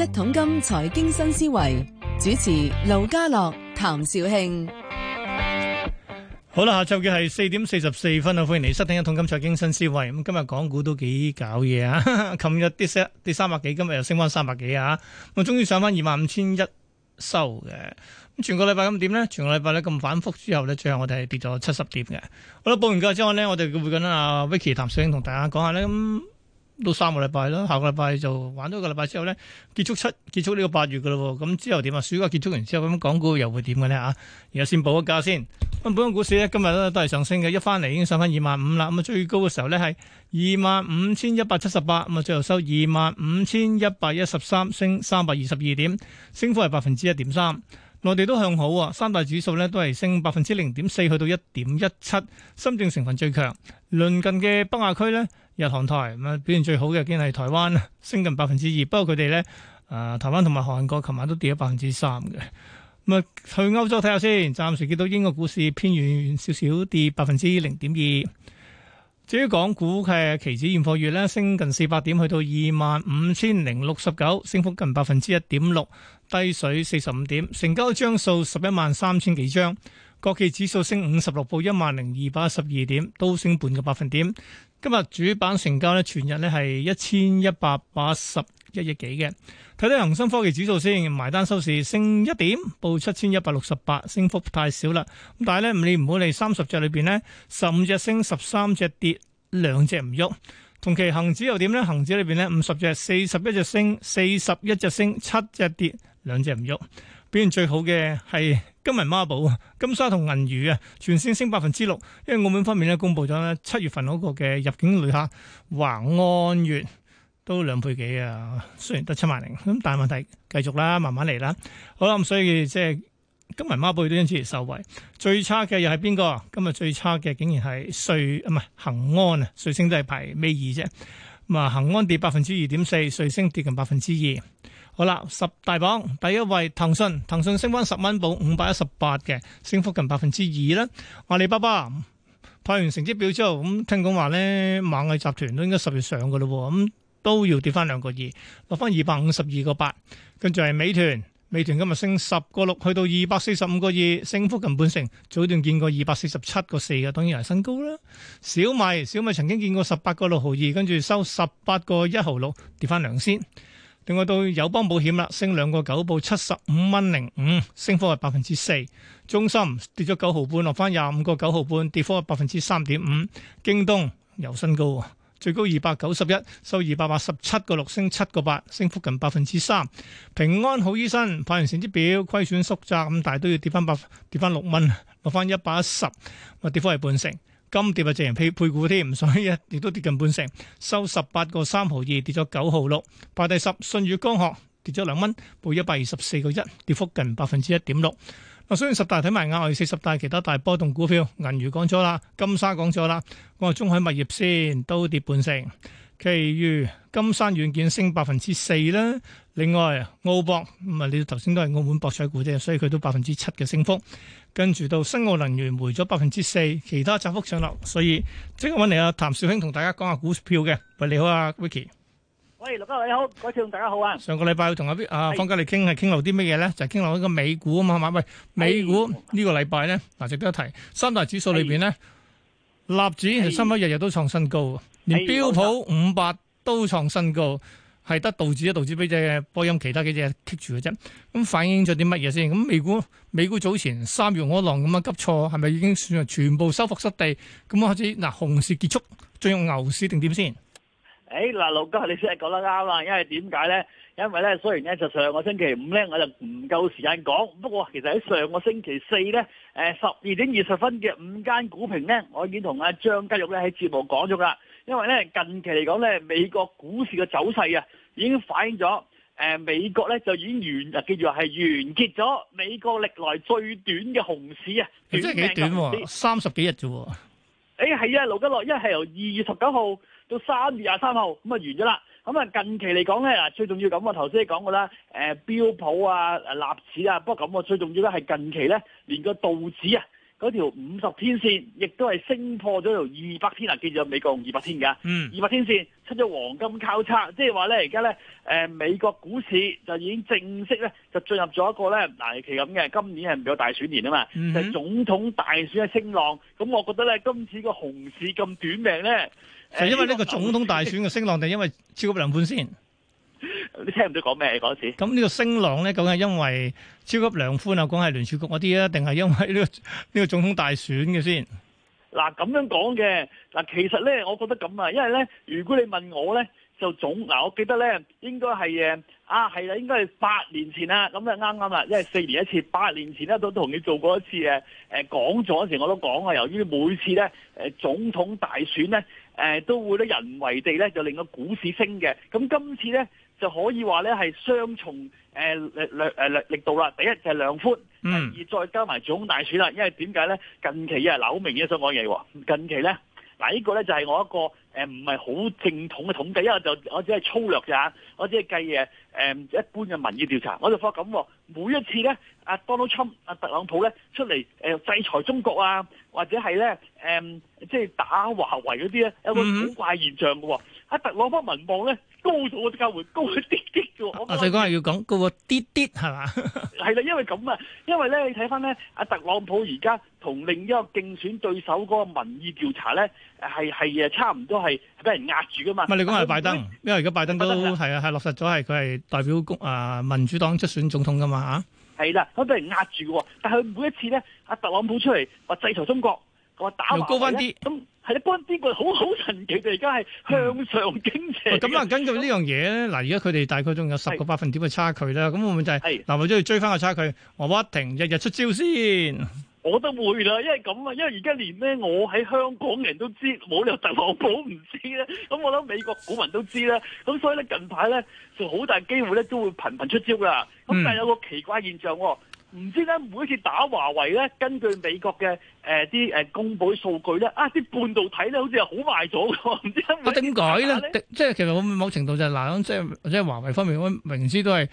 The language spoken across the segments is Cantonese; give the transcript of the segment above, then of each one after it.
一桶金財經新思維，主持盧家樂、譚紹興。好啦，下晝嘅係四點四十四分啊！歡迎你收聽一桶金財經新思維。咁今日港股都幾搞嘢啊！琴日跌三，跌三百幾，今日又升翻三百幾啊！咁終於上翻二萬五千一收嘅。咁全個禮拜咁點咧？全個禮拜咧，咁反覆之後咧，最後我哋係跌咗七十點嘅。好啦，報完價之後呢，我哋嘅會跟阿、啊、Vicky 譚紹興同大家講下咧。嗯都三個禮拜啦，下個禮拜就玩咗一個禮拜之後咧，結束七，結束呢個八月噶啦，咁之後點啊？暑假結束完之後，咁港股又會點嘅咧啊？而家先報個價先。咁，本港股市咧今日都係上升嘅，一翻嚟，已經上翻二萬五啦。咁啊最高嘅時候咧係二萬五千一百七十八，咁啊最後收二萬五千一百一十三，升三百二十二點，升幅係百分之一點三。內地都向好啊。三大指數咧都係升百分之零點四，去到一點一七。深證成分最強，鄰近嘅北亞區呢，日韓台咁表現最好嘅，竟然係台灣啦，升近百分之二。不過佢哋呢，啊、呃、台灣同埋韓國，琴晚都跌咗百分之三嘅。咁啊去歐洲睇下先，暫時見到英國股市偏軟少少，跌百分之零點二。至於港股嘅期指現貨月呢，升近四百點，去到二萬五千零六十九，升幅近百分之一點六。低水四十五點，成交張數十一萬三千幾張。國企指數升五十六點，報一萬零二百十二點，都升半個百分點。今日主板成交咧，全日咧係一千一百八十一億幾嘅。睇睇恒生科技指數先，埋單收市升一點，報七千一百六十八，升幅太少啦。但係咧，你唔好理三十隻裏邊咧，十五隻升，十三隻跌，兩隻唔喐。同期恒指又點咧？恒指裏邊咧，五十隻，四十一隻升，四十一隻升，七隻跌。兩隻唔喐，表現最好嘅係金銀孖寶金沙同銀魚啊，全線升百分之六，因為澳門方面咧，公布咗咧七月份嗰個嘅入境旅客橫安月都兩倍幾啊，雖然得七萬零，咁但係問題繼續啦，慢慢嚟啦。好啦，咁所以即係金銀孖寶都因此受惠，最差嘅又係邊個？今日最差嘅竟然係瑞唔係恆安啊，瑞星都係排尾二啫。咁啊，恆安跌百分之二點四，瑞星跌近百分之二。好啦，十大榜第一位騰訊，騰訊升翻十蚊，報五百一十八嘅，升幅近百分之二啦。阿里巴巴派完成績表之後，咁聽講話咧，螞蟻集團都應該十月上喇咯，咁都要跌翻兩個二，落翻二百五十二個八。跟住係美團，美團今日升十個六，去到二百四十五個二，升幅近半成。早段見過二百四十七個四嘅，當然係新高啦。小米，小米曾經見過十八個六毫二，跟住收十八個一毫六，跌翻兩先。另外，到友邦保險啦，升兩個九，報七十五蚊零五，升幅係百分之四。中心跌咗九毫半，落翻廿五個九毫半，跌幅係百分之三點五。京東有新高，最高二百九十一，收二百八十七個六，升七個八，升幅近百分之三。平安好醫生派完成績表，虧損縮窄咁，但係都要跌翻百跌翻六蚊，落翻一百一十，啊跌幅係半成。金跌啊，淨人配配股添，所以亦都跌近半成，收十八個三毫二，跌咗九毫六，排第十。舜宇光學跌咗兩蚊，報一百二十四個一，跌幅近百分之一點六。我雖然十大睇埋額外四十大其他大波動股票，銀娛講咗啦，金沙講咗啦。我話中海物業先都跌半成，其餘金山軟件升百分之四啦。另外澳博唔係，你頭先都係澳門博彩股啫，所以佢都百分之七嘅升幅。跟住到新奧能源，回咗百分之四，其他窄幅上落。所以即刻揾嚟阿譚紹興同大家講下股票嘅。喂，你好啊，Vicky。喂，陸哥你好，各位大家好啊！上個禮拜要同阿邊方家麗傾係傾落啲乜嘢咧？就係傾落一個美股啊嘛，喂，美股個禮呢個禮拜咧，嗱，值得一提三大指數裏邊咧，納、哎、指係三一日日都創新高、哎，連標普五百都創新高，係、哎、得道指一、道指俾隻波音其他幾隻棘住嘅啫。咁反映咗啲乜嘢先？咁美股美股早前三月嗰浪咁啊急挫，係咪已經算係全部收復失地？咁開始嗱、啊，熊市結束，進入牛市定點先？誒、哎，嗱，盧吉，你先係講得啱啦，因為點解咧？因為咧，雖然咧就上個星期五咧，我就唔夠時間講，不過其實喺上個星期四咧，誒，十二點二十分嘅五間股評咧，我已經同阿張家玉咧喺節目講咗啦。因為咧，近期嚟講咧，美國股市嘅走勢啊，已經反映咗，誒，美國咧就已經完，叫做係完結咗美國歷來最短嘅熊市啊！而且幾短，三十幾、哎、日啫。誒，係啊，盧吉樂，一係由二月十九號。到三月廿三號咁啊完咗啦！咁啊近期嚟講咧嗱，最重要咁我頭先講過啦，誒、呃、標普啊、納指啊，不過咁啊最重要咧係近期咧，連個道指啊嗰條五十天線，亦都係升破咗條二百天啊，記住美國用二百天㗎，二、嗯、百天線出咗黃金交叉，即係話咧而家咧美國股市就已經正式咧就進入咗一個咧嗱，期咁嘅今年係唔有大選年啊嘛，係、嗯就係、總統大選嘅升浪，咁我覺得咧今次個熊市咁短命咧。就因為呢個總統大選嘅升浪定係因為超級量寬先？你聽唔到講咩嘢講先？咁呢個升浪咧，究竟係因為超級量寬啊，講係聯儲局嗰啲啊，定係因為呢個呢個總統大選嘅先？嗱咁樣講嘅嗱，其實咧，我覺得咁啊，因為咧，如果你問我咧，就總嗱，我記得咧，應該係誒啊，係啦，應該係八年前啦，咁啊啱啱啦，因為四年一次，八年前咧都同你做過一次誒誒講咗嗰時，我都講啊，由於每次咧誒總統大選咧。誒都會咧，人為地咧就令到股市升嘅。咁今次咧就可以話咧係雙重誒力力力度啦。第一就係量寬，嗯，而再加埋總大選啦。因為點解咧？近期呀，嗱，好明顯想講嘢喎。近期咧。嗱，呢個咧就係我一個誒唔係好正統嘅統計，因為就我只係粗略咋，我只係計誒誒一般嘅民意調查，我就發咁喎，每一次咧阿 Donald Trump 阿特朗普咧出嚟制裁中國啊，或者係咧誒即係打華為嗰啲咧有個古怪現象嘅喎，喺特朗普民望咧。高咗我啲價會高一啲啲嘅，我細講係要講高一啲啲係嘛？係啦， 因為咁啊，因為咧你睇翻咧，阿特朗普而家同另一個競選對手嗰個民意調查咧，係係誒差唔多係俾人壓住噶嘛。唔係你講係拜登，因為而家拜登都係啊係落實咗係佢係代表誒民主黨出選總統噶嘛吓。係啦，佢都俾人壓住嘅，但係每一次咧，阿特朗普出嚟話制裁中國。我打高翻啲，咁係啊，高翻啲佢好好神奇嘅，而家係向上傾斜。咁、嗯、啊，根據呢樣嘢咧，嗱，而家佢哋大概仲有十個百分點嘅差距啦，咁會唔會就係、係？係嗱，我都要追翻個差距，我不停日日出招先。我都會啦，因為咁啊，因為而家連咧，我喺香港人都知，冇理由特朗普唔知咧。咁我諗美國股民都知啦。咁所以咧，近排咧就好大機會咧，都會頻頻出招啦。咁、嗯、但係有個奇怪現象喎。唔知咧，每次打華為咧，根據美國嘅誒啲誒公布嘅數據咧，啊啲半導體咧好似係好賣咗㗎。唔知點解咧？即係其實某某程度就嗱、係，即係即係華為方面我明知都係。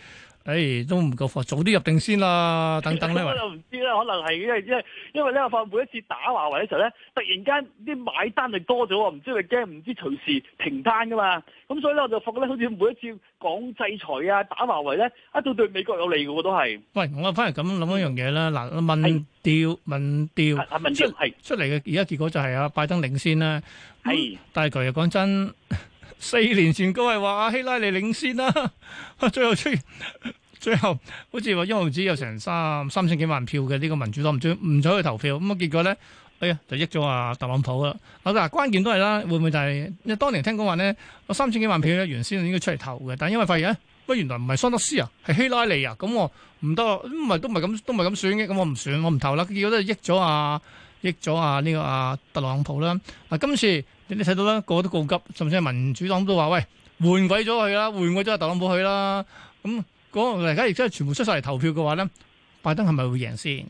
誒、哎，都唔夠貨，早啲入定先啦。等等咧， 我唔知咧，可能係因為因為因為咧，我發每一次打華為嘅時候咧，突然間啲買單就多咗，唔知佢驚唔知隨時停單噶嘛。咁所以咧，我就發覺咧，好似每一次講制裁啊、打華為咧，一到對美國有利嘅都係。喂，我反嚟咁諗一樣嘢，嗯、啦。嗱，民調民調，係民出出嚟嘅，而家結果就係啊，拜登領先啦。係，但係佢又講真。四年前，高係話阿希拉里領先啦、啊，最後出最後，最後好似話一毫紙有成三三千幾萬票嘅呢、這個民主黨唔准唔准去投票，咁啊結果咧，哎呀就益咗阿特朗普啦。嗱關鍵都係啦，會唔會就係、因為、當年聽講話呢三千幾萬票咧原先應該出嚟投嘅，但係因為發現咧，喂、啊，原來唔係桑德斯啊，係希拉利啊，咁我唔得，咁咪都唔係咁，都唔係咁選嘅，咁我唔選，我唔投啦，結果都係益咗阿。益咗啊呢、這個啊特朗普啦啊今次你睇到啦，個個都告急，甚至係民主黨都話，喂，換鬼咗佢啦，換鬼咗阿特朗普去啦。咁、那、嗰個而家亦都係全部出晒嚟投票嘅話咧，拜登係咪會贏先？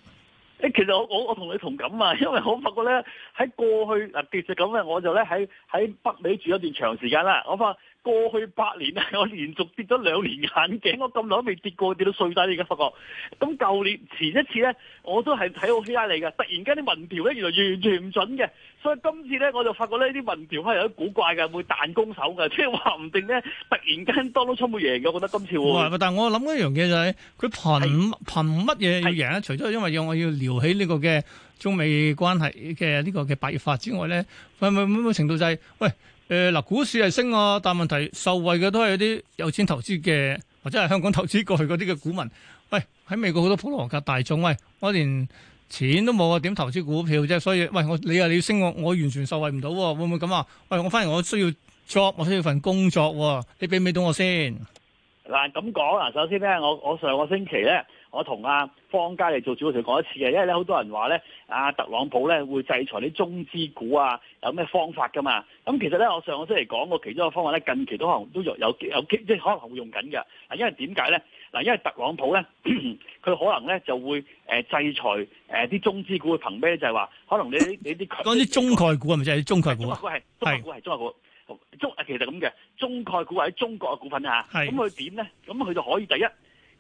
其實我我我同你同感啊，因為我發覺咧喺過去嗱，其實咁啊，我就咧喺喺北美住咗段長時間啦。我發覺過去八年啊，我連續跌咗兩年眼鏡，我咁耐都未跌過，跌到碎晒你而家發覺。咁舊年前一次咧，我都係睇好希拉利嘅，突然間啲民調咧，原來完全唔準嘅。所以今次咧，我就發覺咧啲民調係有啲古怪嘅，會彈弓手嘅，即係話唔定咧，突然間當當出冇贏嘅。我覺得今次喎。但係我諗一樣嘢就係，佢憑憑乜嘢要贏啊？除咗因為要我要撩起呢個嘅中美關係嘅呢個嘅白熱化之外咧，會唔會某個程度就係，喂，誒嗱，股市係升啊，但係問題受惠嘅都係啲有錢投資嘅，或者係香港投資過去嗰啲嘅股民。喂，喺美國好多普羅大眾，喂，我連。錢都冇啊，點投資股票啫？所以，喂，我你又、啊、你要升我，我完全受惠唔到喎。會唔會咁啊？喂，我反而我需要 job，我需要份工作喎。你俾唔俾到我先？嗱，咁講啊，首先咧，我我上個星期咧，我同阿、啊、方家嚟做主持講一次嘅，因為咧好多人話咧，阿、啊、特朗普咧會制裁啲中資股啊，有咩方法噶嘛？咁其實咧，我上個星期來講過其中一個方法咧，近期都可能都有有有即可能會用緊嘅。啊，因為點解咧？嗱，因為特朗普咧，佢可能咧就會誒制裁誒啲中資股，嘅憑咩就係、是、話可能你你啲講啲中概股啊，咪即係中概股。中概股係中概股係中概股中其實咁嘅中概股或者中，中，中國嘅股份啊，咁佢點咧？咁佢就可以第一。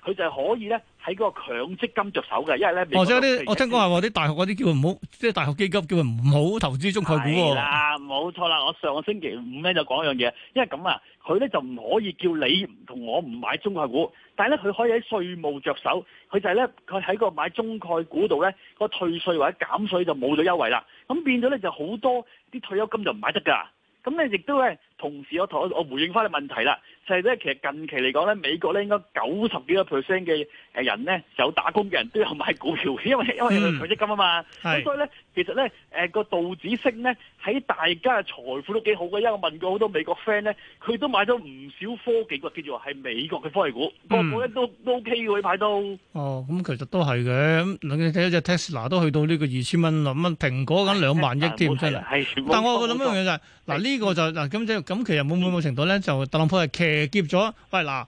佢就係可以咧喺嗰個強積金着手嘅，因為咧、哦。我聽講話啲大學嗰啲叫唔好，即係大學基金叫佢唔好投資中概股喎、啊。係冇錯啦。我上個星期五咧就講一樣嘢，因為咁啊，佢咧就唔可以叫你同我唔買中概股，但係咧佢可以喺稅務着手。佢就係咧，佢喺個買中概股度咧個退稅或者減稅就冇咗優惠啦。咁變咗咧就好多啲退休金就唔買得㗎。咁咧亦都咧。同時我妥我回應翻你問題啦，就係、是、咧其實近期嚟講咧，美國咧應該九十幾個 percent 嘅誒人咧有打工嘅人都有買股票，因為因為佢有強積金啊嘛、嗯，所以咧其實咧誒個道指升咧喺大家嘅財富都幾好嘅，因為我問過好多美國 friend 咧，佢都買咗唔少科技，科技股，叫做話係美國嘅科技股，個股咧都都 OK 嘅，佢買到。哦，咁、嗯、其實都係嘅，咁你睇一隻 Tesla 都去到呢個二千蚊啦，咁蘋果咁兩萬億添、嗯嗯、真係，但我諗一樣嘢就係嗱呢個就嗱咁即咁其實冇冇冇程度咧，就特朗普係騎劫咗。喂嗱，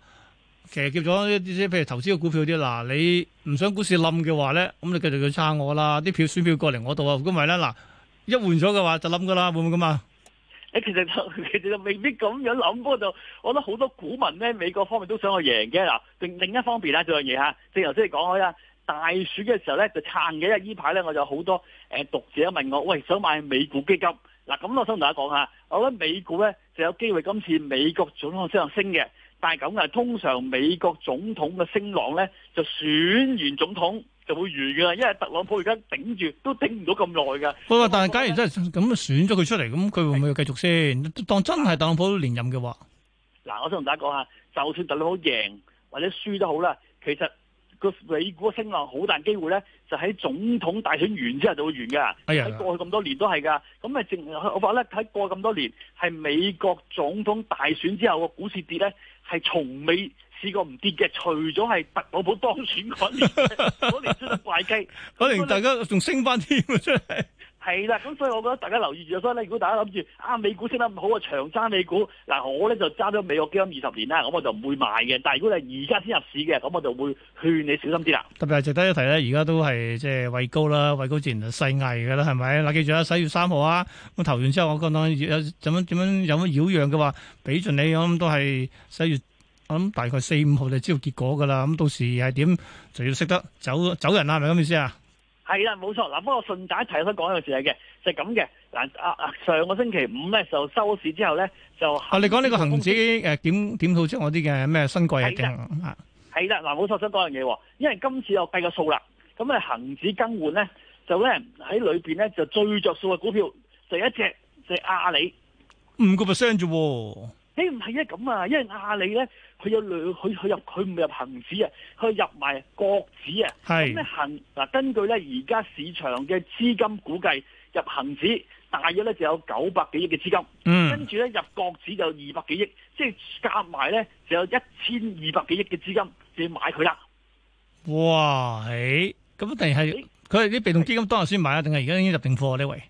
騎劫咗一啲啲，譬如投資嘅股票啲嗱，你唔想股市冧嘅話咧，咁你繼續要撐我啦，啲票選票過嚟我度啊。咁咪咧嗱，一換咗嘅話就冧噶啦，會唔會咁啊？誒，其實其實就未必咁樣諗，不過就我覺得好多股民咧，美國方面都想去贏嘅嗱。另另一方面咧，仲有樣嘢嚇，正頭先你講開啊，大選嘅時候咧就撐嘅。依排咧，我就好多誒讀者問我，喂，想買美股基金嗱，咁我想同大家講下，我覺得美股咧。就有機會今次美國總統之後升嘅，但係咁啊，通常美國總統嘅升浪咧，就選完總統就會完噶啦，因為特朗普而家頂住都頂唔到咁耐噶。不過，但係假如真係咁選咗佢出嚟，咁佢會唔會繼續先？當真係特朗普連任嘅話，嗱，我想同大家講下，就算特朗普贏或者輸都好啦，其實。個美股嘅升浪好大機會咧，就喺總統大選完之後就會完㗎，喺、哎、過去咁多年都係噶，咁咪正我話咧，喺過去咁多年，係美國總統大選之後個股市跌咧，係從未試過唔跌嘅，除咗係特朗普當選嗰年，嗰 年怪雞，可 能大家仲升翻添、啊、真係。係啦，咁所以我覺得大家留意住啊。所以咧，如果大家諗住啊，美股升得咁好啊，長揸美股嗱，我咧就揸咗美國基金二十年啦，咁我就唔會賣嘅。但係如果你而家先入市嘅，咁我就會勸你小心啲啦。特別係值得一提咧，而家都係即係位高啦，位高自然就勢危嘅啦，係咪？嗱，記住啦，十一月三號啊，我投完之後，我覺得有點樣點樣有乜擾攘嘅話，俾盡你我諗都係十一月，我諗大概四五號就知道結果噶啦。咁到時係點就要識得走走人啦，係咪咁意思啊？係啦，冇錯嗱。不過順帶提一提，想講一樣事嘅，就係咁嘅嗱。阿阿上個星期五咧，就收市之後咧，就啊，你講呢個恒指誒點點套出我啲嘅咩新貴嘅嘅啊？係啦，嗱，冇錯我想講一樣嘢喎，因為今次我計個數啦，咁咧恒指更換咧，就咧喺裏邊咧就最着數嘅股票，第一隻就一隻就係阿里，五個 percent 啫喎。誒唔係啊，咁、哎、啊，因為阿里咧。佢有兩，佢佢入佢唔係入恒指啊，佢入埋國指啊。咁咧恒嗱，根據咧而家市場嘅資金估計，入恒指大約咧就有九百幾億嘅資金，嗯、跟住咧入國指就二百幾億，即係加埋咧就有一千二百幾億嘅資金就要買佢啦。哇，係、欸、咁突然係佢係啲被動基金當日先買啊，定係而家已經入定貨呢喂？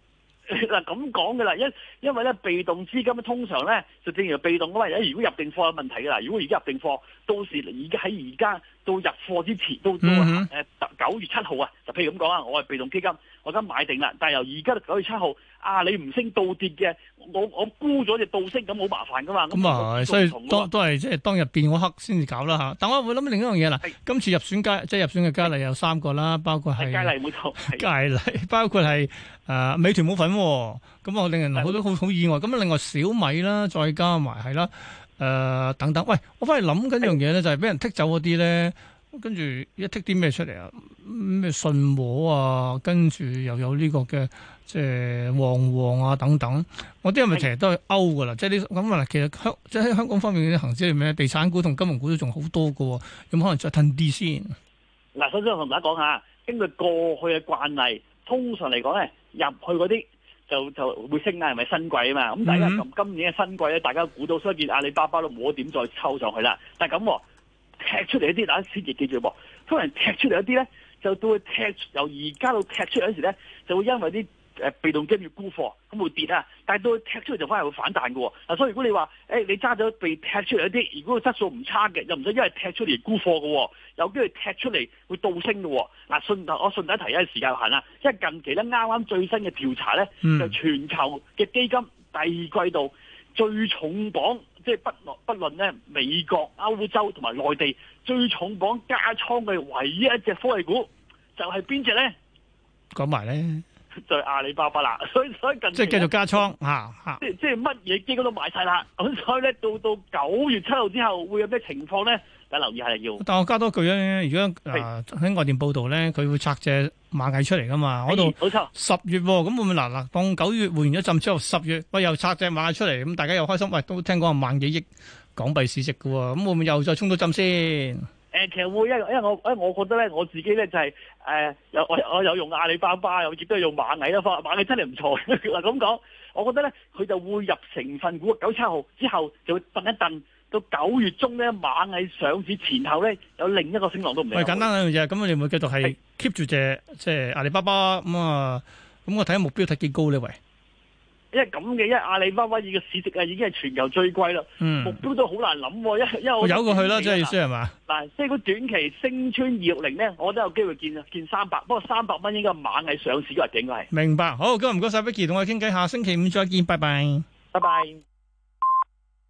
嗱，咁講㗎啦，因因為咧，被動資金通常咧就正如被動咁啊，如果入定貨有問題㗎啦，如果而家入定貨，到時而家喺而家。到入貨之前都、嗯，都都誒，九、呃、月七號啊，就譬如咁講啊，我係被動基金，我而家買定啦。但係由而家到九月七號啊，你唔升倒跌嘅，我我沽咗隻倒升，咁好麻煩噶嘛。咁啊，所以都都係即係當日變嗰刻先至搞啦。但我會諗另一樣嘢啦，今次入選佳即係入選嘅佳麗有三個啦，包括係佳麗冇錯，佳麗包括係誒、呃、美團冇份、哦，咁啊令人好多好好意外。咁啊，另外小米啦，再加埋係啦。誒、呃、等等，喂！我反嚟諗緊一樣嘢咧，就係、是、俾人剔走嗰啲咧，跟住一剔啲咩出嚟啊？咩信和啊，跟住又有呢個嘅即係旺旺啊等等，我啲係咪成日都係勾噶啦？即係呢咁啊！其實香即喺香港方面嘅恆指係咩？地產股同金融股都仲好多喎。咁可能再吞啲先。嗱，首先我同大家講下，根據過去嘅慣例，通常嚟講咧，入去嗰啲。就就會升啦，係咪新貴啊嘛？咁大家今、mm -hmm. 今年嘅新貴咧，大家估到所以阿里巴巴都冇點再抽上去啦。但係咁踢出嚟一啲，大家先記記住噃。通常踢出嚟一啲咧，就到會踢由而家到踢出嚟嗰時咧，就會因為啲。誒，被動跟住沽貨，咁會跌啊！但係都踢出嚟就反而會反彈嘅。嗱，所以如果你話，誒、欸，你揸咗被踢出嚟一啲，如果個質素唔差嘅，又唔使因為踢出嚟沽貨嘅，有機會踢出嚟會倒升嘅。嗱、啊，順我順帶提一時間有限啦，即係近期咧啱啱，最新嘅調查咧，就是，全球嘅基金第二季度最重磅，即係不不論咧美國、歐洲同埋內地最重磅加倉嘅唯一一隻科技股，就係邊隻咧？講埋咧。就阿里巴巴啦，所以所以近即係繼續加倉嚇嚇，即係即係乜嘢基金都買曬啦，咁所以咧到到九月七號之後會有咩情況咧？大家留意吓要。但係我加多句咧，如果啊喺外電報導咧，佢會拆隻螞蟻出嚟㗎嘛？嗰度冇錯，十月喎，咁會唔會嗱嗱當九月換完咗浸之後，十月喂又拆隻螞蟻出嚟，咁大家又開心？喂，都聽講係萬幾億港幣市值㗎喎，咁會唔會又再沖到浸先？誒，其實會因為因為我誒，我覺得咧，我自己咧就係、是、誒，有、呃、我我有用阿里巴巴，我亦都係用螞蟻啦，翻螞蟻真係唔錯。嗱咁講，我覺得咧佢就會入成分股，九七號之後就會頓一頓，到九月中咧，螞蟻上市前後咧有另一個升浪都未。喂，簡單兩樣嘢，咁你會繼續係 keep 住隻即係阿里巴巴咁啊？咁我睇下目標睇幾高呢喂！因為咁嘅，因為阿里巴巴嘅市值啊，已經係全球最貴啦。嗯。目標都好難諗，一因為我。有過去啦，即係意思係嘛？嗱，即係佢短期升穿二六零咧，我都有機會見見三百。不過三百蚊應該晚係上市嗰日，應係。明白，好，今日唔該晒 Vicky 同我傾偈，下星期五再見，拜拜。拜拜。